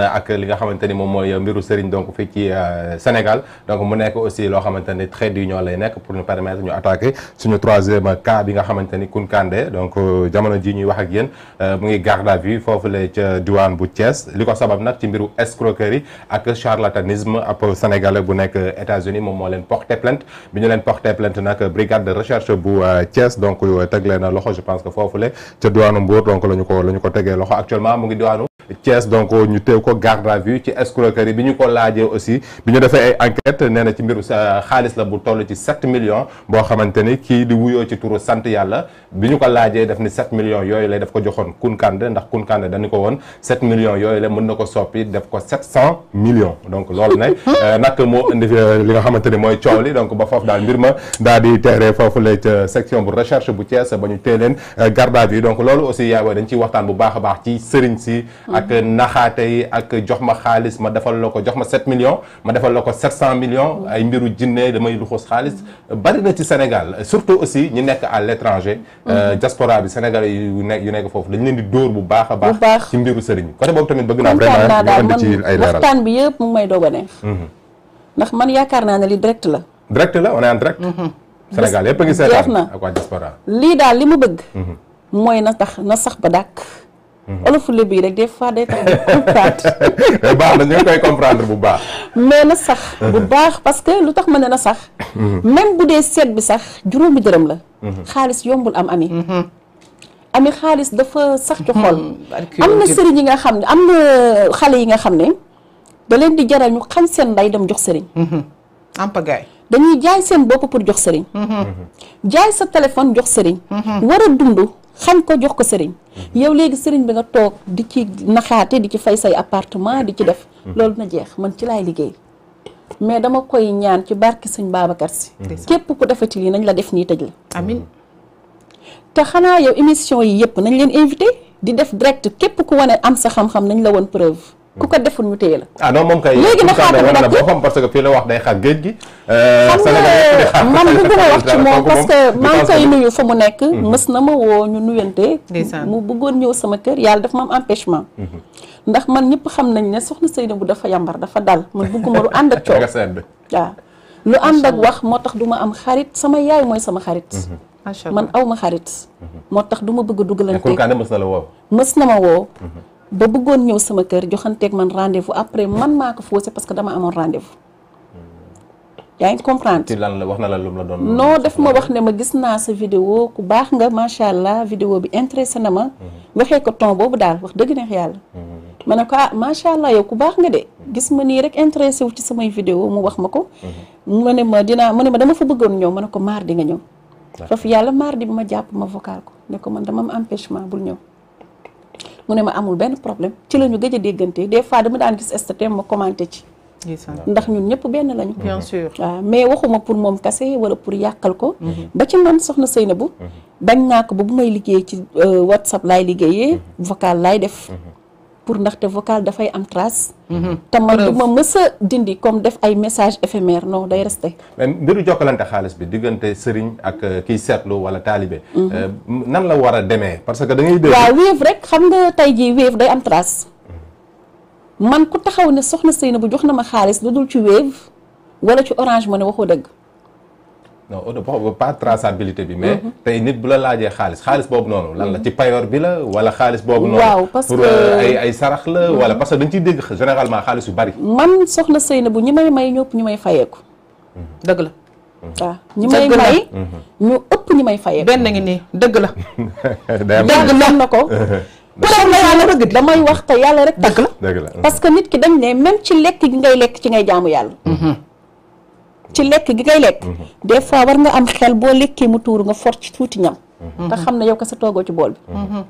Euh, ak li nga xamante ni moom mooy mbiru sëriñ donc fii ci euh, Sénégal donc mu nekk aussi loo xamante ni très du ñoo lay nekk pour ñu permettre ñu attaquer suñu troisième cas bi nga xamante ni Kounkandé donc euh, jamono ji ñuy wax ak yéen mu ngi garde à vue foofu la ca diwaan bu cees li ko sabab nag ci mbiru escroquerie ak charlatanisme ab sénégalais bu nekk États-Unis moom moo leen porté plainte bi ñu leen porté plainte nag brigade de recherche bu Thiès donc teg leen loxo je que foofu la ca la la ñu ko tegee loxo actuellement mu ngi diwaanu Thiès donc ñu teew ko garde à vue ci escroquerie bi ñu ko laajee aussi bi ñu defee ay enquête nee na ci mbiru xaalis la bu toll ci 7 million boo xamante ni kii di wuyoo ci turu sant yàlla bi ñu ko laajee def ni 7 million yooyu lay def ko joxoon kunkande ndax kunkande dañu ko woon 7 millions yooyu la mën na ko soppi def ko 700 millions donc loolu ne euh, nag moo indi euh, li nga xamante ni mooy coow li donc ba foofu daal mbir ma daal di teeree foofu lay section bu recherche bu Thiès ba ñu tee leen euh, garde à vue donc loolu aussi yaay dañ ciy waxtaan bu baax a baax ci sëriñ si ak naxaate yi ak jox ma xaalis ma defal la ko jox ma 7 millions ma defal la ko 700 millions mm. ay mbiru jinne damay luxus xaalis bari ci Sénégal surtout aussi ñu nekk à l'étranger mm. euh, diaspora bi sénégalais yu nekk yu nekk foofu dañ leen di dóor bu baax a baax ci mbiru sëriñ bi boobu tamit bëgg naa a ne mm-hmm. ndax man yaakaar naa ne li direct la direct la on est en direct mm-hmm. Sénégal yëpp a ngi seetaan ak waa diaspora lii daal li mu bëgg mm-hmm. mooy na tax na sax ba dàkk Mm-hmm. olofu léb rek des fois day tax comprendre baax na ñu ngi bu baax mais na sax bu mm-hmm. baax parce que lu tax ma ne na sax mm-hmm. même bu dee seet bi sax juróomi dërëm la xaalis yombul am ami ami xaalis dafa sax ci xol am na sëriñ yi nga xam ne am na xale yi nga xam ne da leen di jaral ñu xañ seen nday dem jox sëriñ dañuy jaay seen bopp pour jox sëriñ jaay sa téléphone jox sëriñ war dund xañ ko jox ko sëriñ yow léegi sëriñ bi nga toog di ci naxaate di ci fay say appartement di ci def mm-hmm. loolu na jeex man ci laay liggéey mais dama koy ñaan ci barki sëñ Babacar si mm-hmm. képp ku defati lii nañ la def nii tëj la mm-hmm. te xanaa yow émission yi yëpp nañ leen invité di def direct képp ku wane am sa xam-xam nañ la woon preuve ku ko deful mu téye la. ah moom kay. léegi na xaar bi nag boppam parce que euh, man koy nuyu fa mu nekk. Mm-hmm. mës na ma woo ñu nuyante. mu bëggoon ñëw sama kër yàlla dafa ma am mm-hmm. ndax man ñëpp xam nañ ne soxna bu dafa yambar dafa dal man bëgguma lu ànd ak coow. waaw lu ànd ak wax moo tax du ma am xarit sama yaay mooy sama xarit. Mm-hmm. man aw ma xarit. moo tax du ma bëgg a dugalante. mës na mës na ma woo. ba bëggoon ñëw sama kër joxanteeg man rendez-vous après man maa ko faussé parce que dama amoon rendez-vous hmm. yaa ngi comprendre. ci lan la wax na la lu la doon. non daf ma wax ne ma gis naa sa video ku baax nga macha allah vidéo bi intéressé na ma. Hmm. waxee ko ton boobu daal wax dëgg neex yàlla. Hmm. ma ne ko ah macha allah yow ku baax nga de gis ma nii rek intéressé wu ci samay vidéo mu wax ma ko. mu ne ma dinaa mu ne ma dama fa bëggoon ñëw ma ne ko mardi nga ñëw. foofu yàlla mardi bi ma jàpp ma vocal ko ne man dama am empêchement bul ñëw. mu ne ma amul benn problème ci la ñu gëj a déggante des fois dama daan gis STM ma commenté ci. ndax ñun ñëpp benn lañu. bien waaw mais waxuma pour moom kase wala pour yàqal ko. Mhm. ba ci man soxna Seynabou. bañ mhm. naa ko ba bu may liggéey ci euh, WhatsApp laay liggéeyee mhm. vocal laay def. pour ndaxte vocal dafay am trace. Mhm. te man du ma mës dindi comme def ay message éphémère non day resté. mais mbiru jokkalante xaalis bi diggante sëriñ ak euh, kiy seetlu wala taalibe. Mhm. Euh, nan la war a demee parce que da ngay. dégg waaw rek xam nga tey jii Wave day am trace. man ku taxaw ne soxna na bu jox na ma xaalis lu dul ci Wave wala ci Orange ne waxoo dëgg. non au delà pas traçabilité bi mais. Mhm. tey nit bu la laajee xaalis xaalis boobu noonu. lan la mhm. ci payoor bi la wala xaalis boobu. noonu waaw parce que pour euh, la mhm. wala parce que dañ ciy dégg généralement xaalis yu bari. man soxna Seynabou ñi may may ñëpp ñu may fayeeku. dëgg la. waaw ñi may may ñu ëpp ñu may fayeeku. benn ngi nii dëgg la. dëgg la na ko. dëgg la yàlla damay wax te yàlla rek dëgg la. parce que nit ki dañ ne même ci lekk gi ngay lekk ci ngay jaamu yàlla. ci lekk gi ngay lekk mhm. des fois war nga am xel boo lekkee mu tuuru nga for ci tuuti ñam mhm. te xam na yow ko sa toogoo ci bool bi mhm.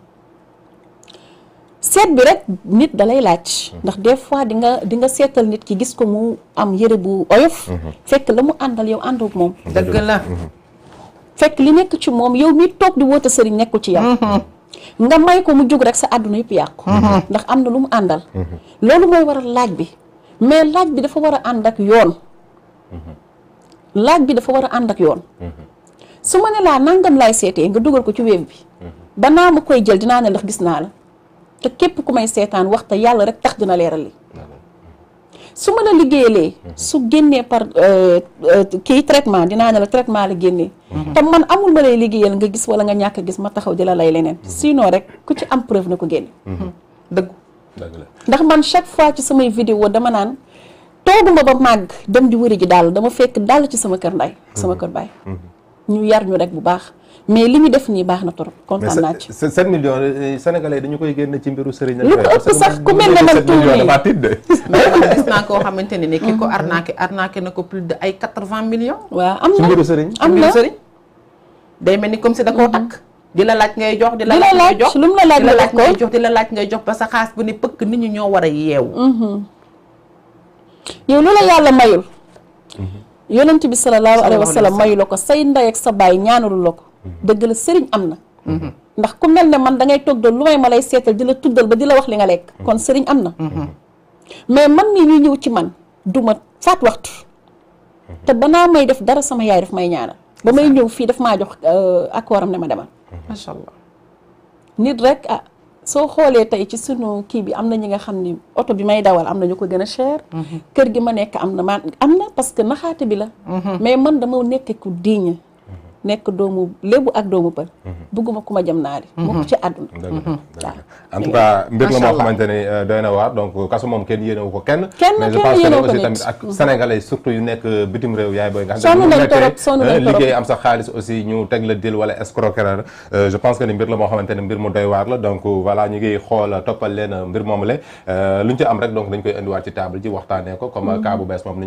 seet bi rek nit dalay laaj ndax des fois di nga di nga seetal nit ki gis ko mu am yére bu oyof fekk la mu àndal yow àndoog moom dëgg la fekk li nekk ci moom yow mi toog di woote sëriñ nekkul ci yow nga may ko mu jóg rek sa àdduna yëpp yàqu ndax am na lu mu àndal loolu mooy waral laaj bi mais laaj bi dafa war a ànd ak yoon laaj bi dafa war a ànd ak yoon su ma ne laa laay seetee nga dugal ko ci web bi ba naa ma koy jël dinaa ne ndax gis naa la te képp ku may seetaan waxta yàlla rek tax dina leeral li su ma la liggéeyalee su génnee par euh, euh, kii traitement dinaa ne la traitement la génnee te man amul ma lay liggéeyal nga gis wala nga ñàkk gis ma taxaw di lay leneen sinon rek ku ci am preuve na ko génne mhm. dëggu ndax man chaque fois ci samay vidéo dama naan tooguma ba màgg dem di wëri ji dàll dama fekk dàll ci sama kër nday mhm. sama kër baay mhm. ñu yar ñu rek bu baax mais li ñu def nii baax na trop kontaan naa ci sept millions euh, sénégalais dañu koy ci mbiru sëriñ lu koo xamante ne ni ki ko mhm. arnaqué arnaqué na ko plus de ay quatre-vingts millions waaw am na ci mbiru ni comme si da koo takk di la laaj ngay jox di la laaj jox lu mu la laaj ngay jox di la laaj ngay jox ba sa xaas bu ne pëkk nit ñu ñoo war a yeewu yow lu la yàlla mayul mhm. yonent bi salallaahu alayhi wa sallam mayu ko say ndey ak sa baay ñaanalu la ko mhm. dëgg la sëriñ am na mhm. ndax ku mel ne man da ngay toog doon lu may ma lay seetal di la tuddal ba di la wax li nga lekk kon sëriñ am na mais man mii ñuy ñëw ci man du ma faat waxtu te banaa may def dara sama yaay daf may ñaana ba may ñëw fii daf maa jox euh, ak waram ne ma demal nit rek ah, soo xoolee tey ci sunu kii bi am na ñi nga xam ni oto bi may dawal am na ñu ko gën a cher. Mhm. kër gi ma nekk am na maa am na parce que naxaate bi la. Mhm. mais man dama nekk ku digne. nekk doomu lébu ak doomu pël mhm. bugguma ku ma naari mukk mhm. ci àdduna mhm. mbir la moo xamante ne euh, doy na waar donc kaso moom kenn yéenewu ko kenn kenn mais je pense que aussi tamit ak sénégalais surtout yu nekk euh, bitim réew yaay booy nga xam euh, liggéey am sa xaalis aussi ñu teg la dil wala escroquerie je pense que ni mbir la moo xamante ne mbir mu doy waar la donc voilà ñu ngi xool toppal leen mbir moom la lu ci am rek donc dañ koy indiwaat ci table ji waxtaanee ko comme cas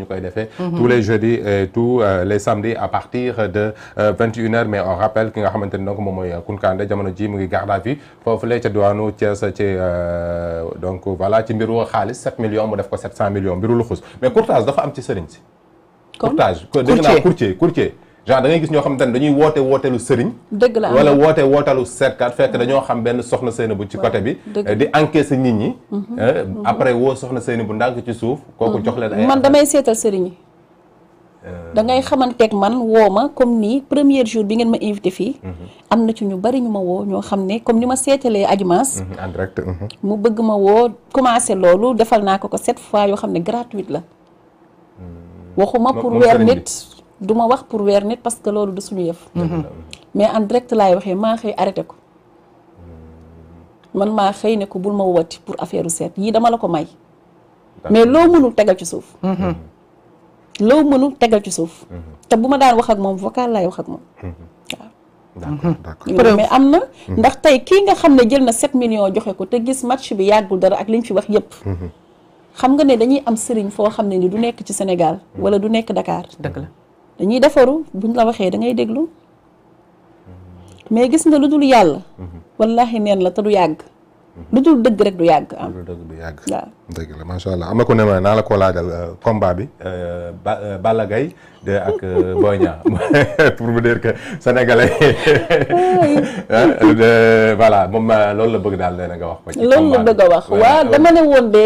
koy defee 21 heures mais on rappelle ki nga xamante ni donc moom mooy Kounkandé jamono ji mu ngi garde à vue foofu lay ca diwaanu Thiès ci euh, donc voilà ci mbiru xaalis 7 millions mu def ko 700 millions mbiru luxus mais courtage dafa courtage dégg naa gis ñoo xamante ne woote wooteelu sëriñ dëgg la wala woote wooteelu seetkat fekk dañoo xam benn soxna seen bu ci côté bi di encaisser nit ñi mhm. Euh, mhm. après woo soxna seen bu ndànk ci suuf kooku mhm. jox leen ay man damay Euh, da ngay xamanteeg man woo ma comme nii première jour bi ngeen ma invité fii. Mhm. am na ci ñu bari ñu ma woo ñoo xam ne comme ni ma seetalee Adjumas. Mhm, mhm. mu bëgg ma woo commencé loolu defal naa ko ko sept fois yoo xam ne gratuite la. Hmm. waxuma pour weer nit du ma wax pour weer nit parce que loolu du suñu yëf. mais en direct laay waxee maa xëy arrêté ko. Hmm. man maa xëy ne ko bul ma woote pour affaire u seet yii dama la ko may. mais loo mënul tegal ci suuf. Hmm. loo mënul tegal ci suuf. Mhm. te bu ma daan wax ak moom vocal laay wax ak moom. Mhm. waaw. Mhm. mais am na. ndax tey kii nga xam ne jël na set million joxe ko te gis match bi yàggul dara ak liñ fi wax yépp xam nga ne dañuy am sëriñ foo xam ne ni du nekk ci senegal wala du nekk ndakaar dëgg la dañuy defaru buñ la waxee dangay déglu mais gis nga lu dul yàlla. wallaahi neen la te du yàgg. lu dul dëgg rek du yàgg. lu dul dëgg du yàgg. waaw la macha allah ama ku ne ma naa la ko laajal euh, combat bi. Euh, ba euh, de ak Boy pour vous dire que sénégalais voilà moom loolu la bëgg daal nee nga wax loolu la bëgg a wax waaw dama ne woon de.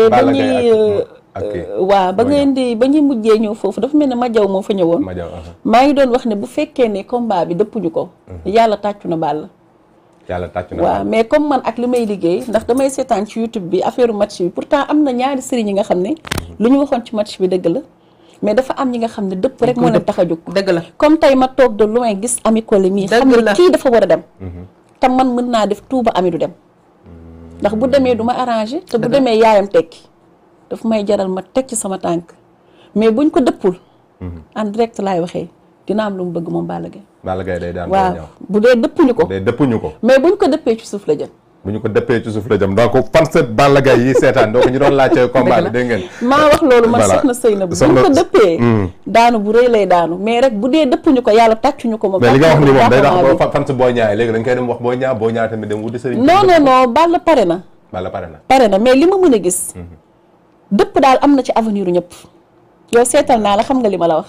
ba di ba ñuy mujjee ñëw foofu dafa mel ne ma jaw moo fa ñëwoon. ma uh-huh. maa ngi doon wax ne bu fekkee ne combat bi dëppuñu ko. Uh-huh. yàlla tàccu na Balla. yàlla tàcc waaw mais comme man ak li may liggéey ndax damay seetaan ci YouTube bi affaire match bi pourtant am na ñaari sëriñ yi nga xam ne mhm. lu ñu waxoon ci match bi dëgg la mais dafa am ñi nga xam ne dëpp rek moo leen tax a jóg dëgg la comme tey ma toog de loin gis Ami Collé mii xam ne kii dafa war a dem mhm. te man mën naa def tuuba Ami du dem mhm. ndax bu demee du ma arrangé te bu demee yaayam tekki dafa may jaral ma teg ci sama tànk mais buñ ko dëppul en direct laay waxee dina am lu mu bëgg moom Balla Gaye. Balla Gaye day daan waaw bu dee dëppuñu ko. dee dëppuñu ko. mais buñ ko dëppee bu ñu ko dëppee ci suuf la jëm donc fans Balla Gaye yi seetaan donc ñu doon laajte combat bi dégg maa wax loolu man soxna Seynabou bu ñu ko dëppee. Hmm. daanu bu rëy lay daanu mais rek bu dee dëppuñu ko yàlla tàccuñu ko. moom mais li nga léegi dañ koy dem wax Boy Niang Boy Niang tamit dem wuti sëriñ. non non non pare na. Balla pare na mais li ma mën a gis. Hmm. yow seetal naa la xam nga li ma la wax.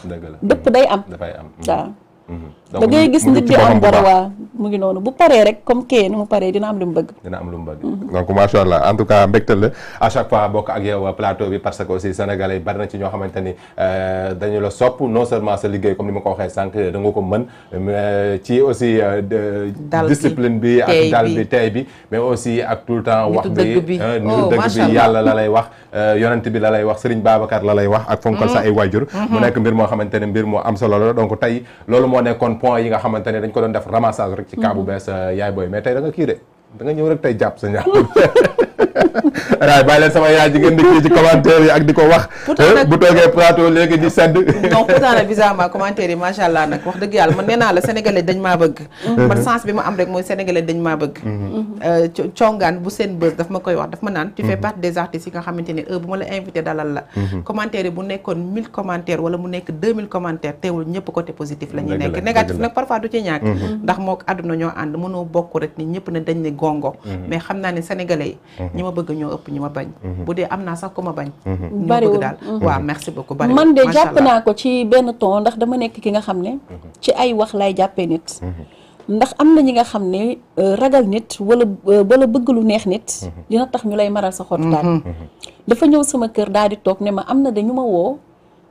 dëpp day am dafay am waaw. Mm-hmm. da ngay gis nit di am dara waa mu ngi noonu bu paree rek comme kee ni mu paree dina am lu mu bëgg dina am lu mu bëgg mhm. donc macha allah en tout cas mbégte la à chaque fois bokk ak yow plateau bi parce que aussi sénégalais yi ci ñoo xamante ni euh, dañu la sopp non seulement sa liggéey comme ni ma ko waxee sànq da nga ko mën mais euh, ci aussi euh, discipline bi ak dal bi tey bi mais aussi ak tout le temps wax bi nitu oh, dëgg la lay wax yonent bi la lay wax Serigne Babacar la lay wax ak fonkal sa mhm. ay waajur mu mhm. nekk mbir moo xamante ne mbir moo am solo la comme point yi nga xamante ne dañ ko doon def ramassage rek ci cas bu mm-hmm. bees euh, yaay booy mais tey da nga kii de da nga ñëw rek tey jàpp sa ñaar waaye bàyyi leen sama yaay ji ngeen dëkkee di ko wax. Eh, bu toogee plateau léegi di sedd. non pourtant nag bizarrement commentaire yi macha allah nag wax dëgg yàlla man nee la sénégalais dañ mhm. ma am rek mooy sénégalais dañ maa bëgg. Mhm. Euh, congaan bu ma koy wax daf ma naan. tu fais mhm. partie des artistes yi nga xamante ne heure bu ma la invité commentaire bu nekkoon 1000 commentaires wala mu nekk 2000 commentaires teewul ñëpp côté positif la ñuy nekk. négatif nag parfois du ci ñàkk. ndax moo àdduna ñoo ànd mënoo bokk rek ni ñëpp dañ ne gongo mais xam naa ne sénégalais yi bëgg ñoo ëpp ñu ma bañ mhm. bu dee am naa sax ku ma bañ mhm. bëriwul daal mhm. waaw merci beaucoup bëriwul man de jàpp naa ko ci benn ton ndax dama nekk ki nga xam ne ci ay wax lay jàppee nit ndax am na ñi nga xam ne euh, ragal nit wala euh, wala bëgg lu neex nit dina tax ñu lay maral sa xottaan dafa ñëw sama kër daal di toog ne ma am na dañu ma woo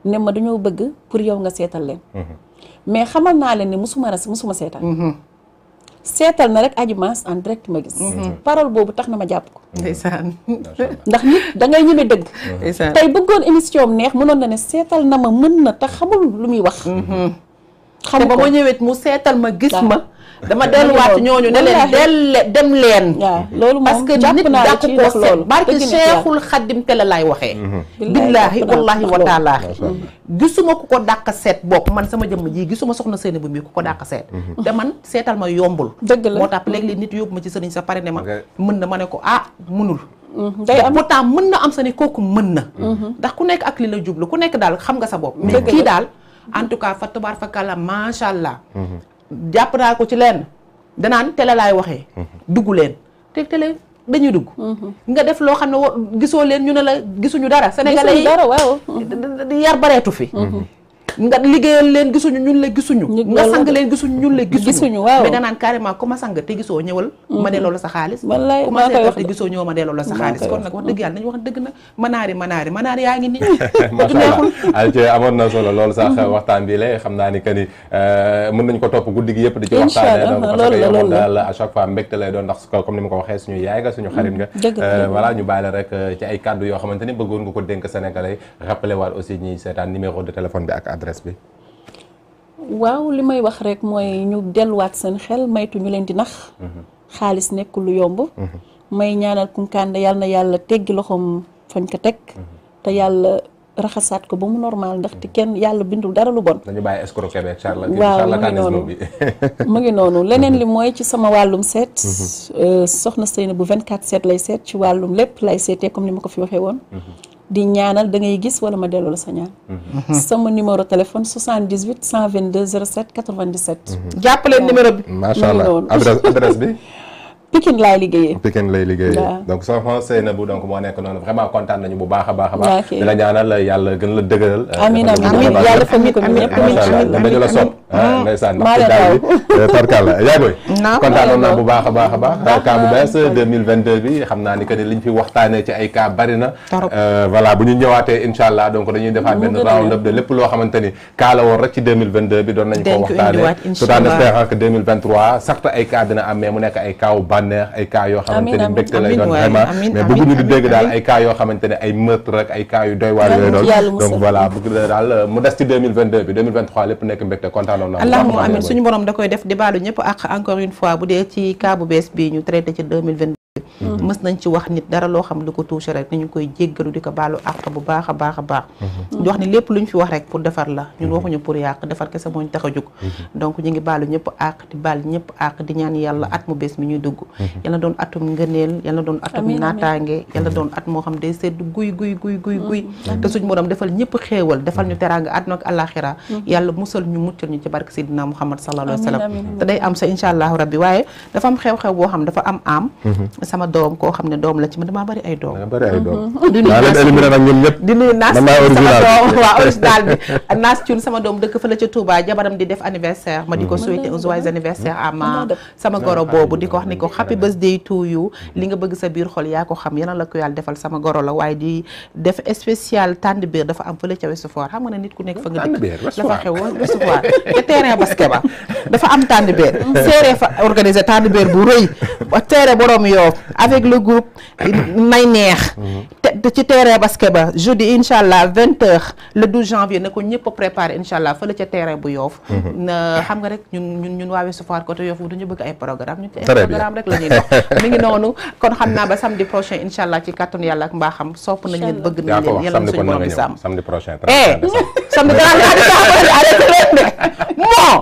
ne ma dañoo bëgg pour yow nga seetal leen mais xamal naa leen ne musuma ras musuma seetal seetal na rek Adji Mass en direct ma gis. Mhm. Mhm. parole boobu tax na ma jàpp ko. Mhm. ndeysaan ndax nit da ngay ñeme dëgg. ndeysaan tey bëggoon émission am neex mënoon na ne seetal na ma mën na tax xamul lu muy wax. xam ko ba ma ñëwee mu seetal ma gis ma. dama delluwaat ñooñu ne leen dem leen loolu parce que nit dàq koo seet barke Cheikhul Xadim te la laay waxee mhm. billaahi wallaahi wa gisuma ku ko dàq seet bopp man sama jëmm ji gisuma soxna seeni bu mii ku ko dàq seet mhm. te seetal ma yombul dëgg la moo tax léeg-léeg nit yóbbu ma ci sëriñ sa pare ne ma mën na ma ne ko ah mënul mhm. day am pourtant mën na am sa ne kooku mën na ndax ku nekk ak li la jublu ku nekk daal xam nga sa bopp mais kii daal en tout cas fa tubaar fa macha allah jàpp naa ko ci lenn danaan tele laay waxee. Mhm. dugg leen te tele dañuy dugg. Mhm. nga def loo xam ne gisoo leen ñu ne la gisuñu dara. Sénégalais yi dara waaw. yar bareetu fi. Mhm. nga liggéeyal leen gisuñu ñun la gisuñu nga sang leen gisuñu ñun la gisuñu waaw mais danaan carrément ku sang te gisoo ñëwal mm-hmm. ma delloo la sa xaalis wallaay ku ma gisoo ñëwal ma delloo la sa xaalis kon nag wax dëgg yàlla nañu wax dëgg nag manaari manaari manaari yaa amoon na solo loolu sax mm-hmm. waxtaan bi lay xam naa ni que ni euh, mën nañ ko topp guddi gi yëpp di ci waxtaanee donc parce chaque fois mbégte lay doon ndax comme ni ma ko waxee suñu yaay nga suñu xarit nga mm-hmm. euh, voilà ñu bàyyi rek euh, ci ay kàddu yoo xamante ni bëggoon nga ko dénk sénégalais rappelé waat aussi ñi seetaan numéro de téléphone bi presse waaw li may wax rek mooy ñu delluwaat seen xel maytu ñu leen di nax. Mhm. xaalis nekk lu yomb. Mhm. may ñaanal Kounkandé yàlla na yàlla teggi loxoom fañ ko teg. Mhm. te yàlla raxasaat ko ba mu normal ndax te kenn yàlla bindul dara lu bon. dañu bàyyi escroquer beeg mu ngi noonu leneen li mooy ci sama wàllum seet. Euh, soxna Seyna bu vingt 24 seet lay seet ci wàllum lépp lay seetee comme ni ma ko fi waxee woon. di ñaanal da ngay gis wala ma delloo la sa ñaan. Mhm. sama numéro téléphone 78 122 07 97. jàpp leen numéro bi. macha allah adresse adresse bi. Pikine laay liggéeyee. Pikine lay liggéeyee. donc soxna Seynabou donc moo nekk noonu vraiment kontaan nañu bu baax a baax a baax. la ñaanal yàlla gën la dëgëral. amiin amiin euh, ah, mm. euh, naa bu baax a baax a baax cas bu bees 2022 bi xam naa ni que ni fi waxtaanee ci ay cas bari euh, bu ñu ñëwaatee insha donc dañuy defaat benn round up de lépp loo xamante ni cas rek ci bi doon nañu ko waxtaanee tout en espérant que 2023 certes ay cas dina am mais mu nekk ay cas bànneex ay cas yoo xamante ni mbégte lay doon vraiment mais bëgguñu di dégg daal ay cas yoo xamante ne ay meurtre rek ay cas yu doy waar yooyu donc voilà bëgg na daal euh, mu des ci 2022 bi 2023 lépp nekk mbégte kontaanoon na allahuma amin suñu borom da koy def di baalu ñëpp encore une fois bu dee ci cas bees bi ñu traité ci 2022 Mm-hmm. mës nañ ci wax nit dara loo xam lu ko touché rek nañu koy jéggalu di ko baalu àq bu baax a baax a baax ñu mm-hmm. wax ni lépp luñ fi wax rek pour defar la ñun mm-hmm. waxuñu pour yàq defar kese mooñ tax a jóg donc ñu ngi baalu ñëpp àq di baal ñëpp àq di ñaan yàlla at mu bees mi ñuy dugg yal na doon atum ngëneel yal na doon atum naataange yal na doon at moo xam day sedd guy guy guy guy guy te suñ borom defal ñëpp xéewal defal ñu teraanga àdduna ak àllaaxira yàlla musal ñu muccal ñu ci barke Seydina Muhammad sallallahu alayhi wa sallam te day am sa incha allahu rabbi waaye dafa am xew-xew boo xam dafa am am sama doom koo xam ne doom la ci man damaa bëri ay doom. bëri ay doom. Mhm. di naas sama doom sama doom dëkk fële ca Touba jabaram di def anniversaire ma di ko mhm. souhaiter un joyeux anniversaire à ma sama goro boobu di ko wax ni ko happy birthday to you mhm. li nga bëgg sa biir xol yaa ko xam yal la ko yàlla defal sama goro la waaye di def spécial tànd biir dafa am fële ca Ouest-Foire xam nga ne nit ku nekk fa nga dëkk dafa xewoon ouest te terrain basket ba dafa am tànd biir séeree fa organiser tànd ko avec le groupe may neex mm-hmm. te ci terrain basket ba jeudi incha allah vingt heures le 12 janvier na ko ñëpp préparé incha allah fële ca terrain bu yoof mm-hmm. na xam nga rek ñun ñun ñun waawee sufaar côté yoof du ñu bëgg ay programme ñun ci ay programme rek la ñuy dox ngi noonu kon xam naa ba samedi prochain incha allah ci kàttanu yàlla ak mbaaxam sopp nañ leen bëgg nañ leen yàlla suñu borom bi samedi prochain eh samedi prochain arrêté leen de moo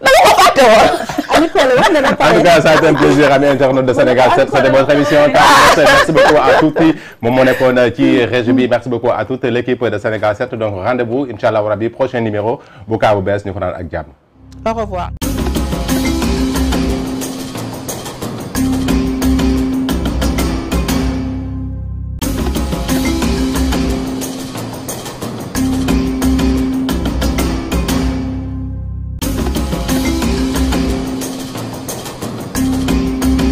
dama ko fàtte woon en tout cas ça a été un plaisir ami internaute de Sénégal 7 c'était votre émission Taamu Net merci beaucoup à tuuti moom moo nekkoon ci régie merci beaucoup à toute l'équipe de Sénégal 7 donc rendez-vous incha allah prochain numéro bu kaa bu bees ñu ak jàmm.